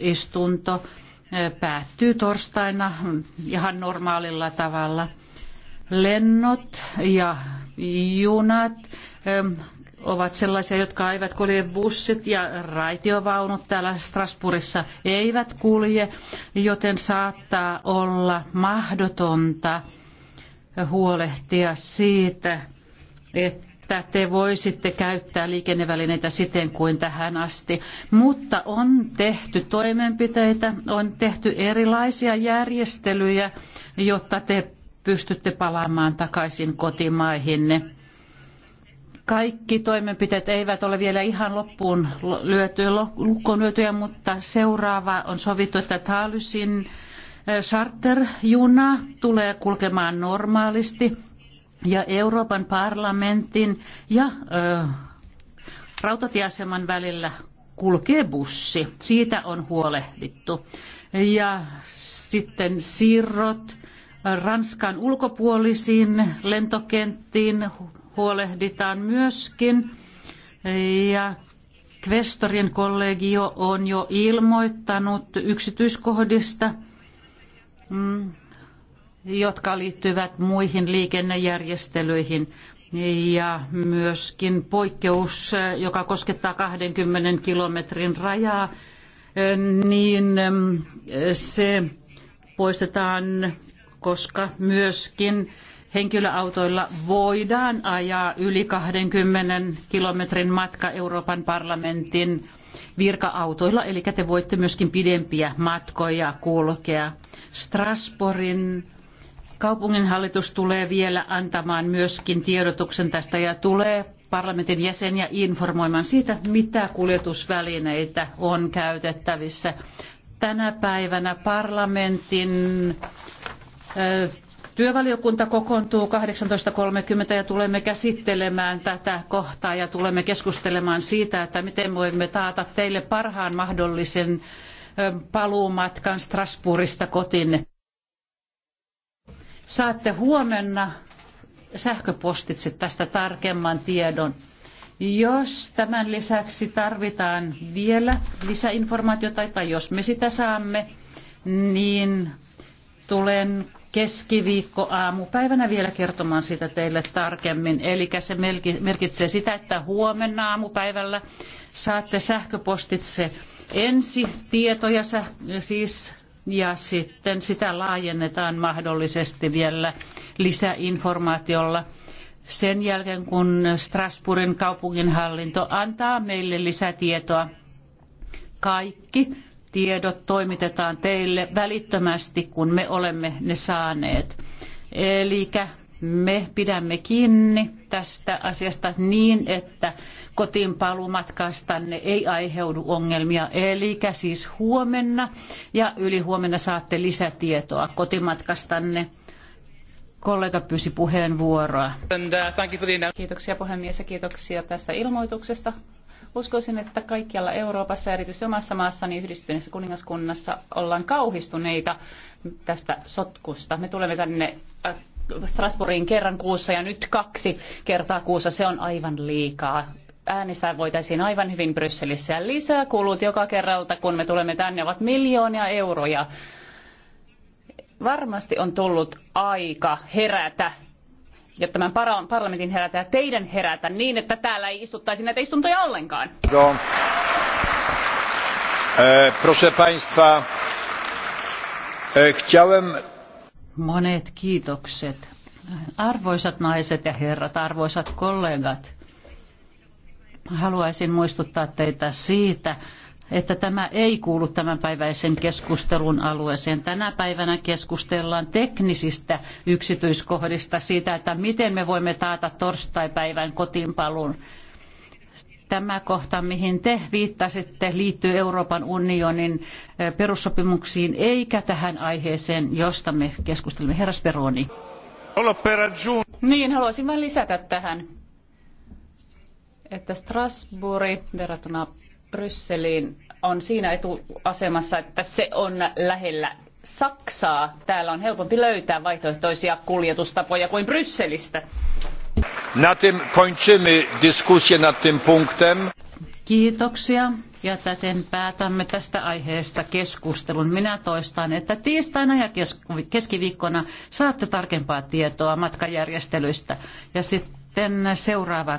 istunto päättyy torstaina ihan normaalilla tavalla. Lennot ja junat ovat sellaisia, jotka eivät kulje bussit ja raitiovaunut täällä Strasbourgissa eivät kulje, joten saattaa olla mahdotonta huolehtia siitä, että että te voisitte käyttää liikennevälineitä siten kuin tähän asti. Mutta on tehty toimenpiteitä, on tehty erilaisia järjestelyjä, jotta te pystytte palaamaan takaisin kotimaihinne. Kaikki toimenpiteet eivät ole vielä ihan loppuun lyötyä, lukkoon lyötyjä, mutta seuraava on sovittu, että Taalysin eh, charterjuna tulee kulkemaan normaalisti ja Euroopan parlamentin ja ö, rautatieaseman välillä kulkee bussi. Siitä on huolehdittu. Ja sitten siirrot Ranskan ulkopuolisiin lentokenttiin huolehditaan myöskin. Ja Kvestorien kollegio on jo ilmoittanut yksityiskohdista. Mm jotka liittyvät muihin liikennejärjestelyihin ja myöskin poikkeus, joka koskettaa 20 kilometrin rajaa, niin se poistetaan, koska myöskin henkilöautoilla voidaan ajaa yli 20 kilometrin matka Euroopan parlamentin virka-autoilla, eli te voitte myöskin pidempiä matkoja kulkea. Strasbourgin Kaupunginhallitus tulee vielä antamaan myöskin tiedotuksen tästä ja tulee parlamentin jäseniä informoimaan siitä, mitä kuljetusvälineitä on käytettävissä. Tänä päivänä parlamentin Työvaliokunta kokoontuu 18.30 ja tulemme käsittelemään tätä kohtaa ja tulemme keskustelemaan siitä, että miten voimme taata teille parhaan mahdollisen paluumatkan Strasbourgista kotiin. Saatte huomenna sähköpostitse tästä tarkemman tiedon. Jos tämän lisäksi tarvitaan vielä lisäinformaatiota tai jos me sitä saamme, niin tulen keskiviikko aamupäivänä vielä kertomaan sitä teille tarkemmin. Eli se merkitsee sitä, että huomenna aamupäivällä saatte sähköpostitse ensi tietoja, siis ja sitten sitä laajennetaan mahdollisesti vielä lisäinformaatiolla sen jälkeen, kun Strasbourgin kaupunginhallinto antaa meille lisätietoa. Kaikki tiedot toimitetaan teille välittömästi, kun me olemme ne saaneet. Eli me pidämme kiinni tästä asiasta niin, että kotiinpaluumatkastanne ei aiheudu ongelmia. Eli siis huomenna ja ylihuomenna saatte lisätietoa kotimatkastanne. Kollega pyysi puheenvuoroa. Uh, kiitoksia puhemies ja kiitoksia tästä ilmoituksesta. Uskoisin, että kaikkialla Euroopassa, erityisesti omassa maassani yhdistyneessä kuningaskunnassa, ollaan kauhistuneita tästä sotkusta. Me tulemme tänne äh, Strasbourgiin kerran kuussa ja nyt kaksi kertaa kuussa. Se on aivan liikaa äänestää voitaisiin aivan hyvin Brysselissä. Ja lisää kulut joka kerralta, kun me tulemme tänne, ovat miljoonia euroja. Varmasti on tullut aika herätä ja tämän parlamentin herätä ja teidän herätä niin, että täällä ei istuttaisi näitä istuntoja ollenkaan. No. Eh, proszę Państwa, eh, chciałem Monet kiitokset. Arvoisat naiset ja herrat, arvoisat kollegat, haluaisin muistuttaa teitä siitä, että tämä ei kuulu tämänpäiväisen keskustelun alueeseen. Tänä päivänä keskustellaan teknisistä yksityiskohdista siitä, että miten me voimme taata torstaipäivän kotiinpaluun. Tämä kohta, mihin te viittasitte, liittyy Euroopan unionin perussopimuksiin eikä tähän aiheeseen, josta me keskustelemme. Herra Speroni. Niin, haluaisin vain lisätä tähän, että Strasbourg verrattuna Brysseliin on siinä etuasemassa, että se on lähellä Saksaa. Täällä on helpompi löytää vaihtoehtoisia kuljetustapoja kuin Brysselistä. Na tym kończymy dyskusję nad tym punktem. Kiitoksia. Ja täten päätämme tästä aiheesta keskustelun. Minä toistan, että tiistaina ja keskiviikkona saatte tarkempaa tietoa matkajärjestelyistä. Ja sitten seuraava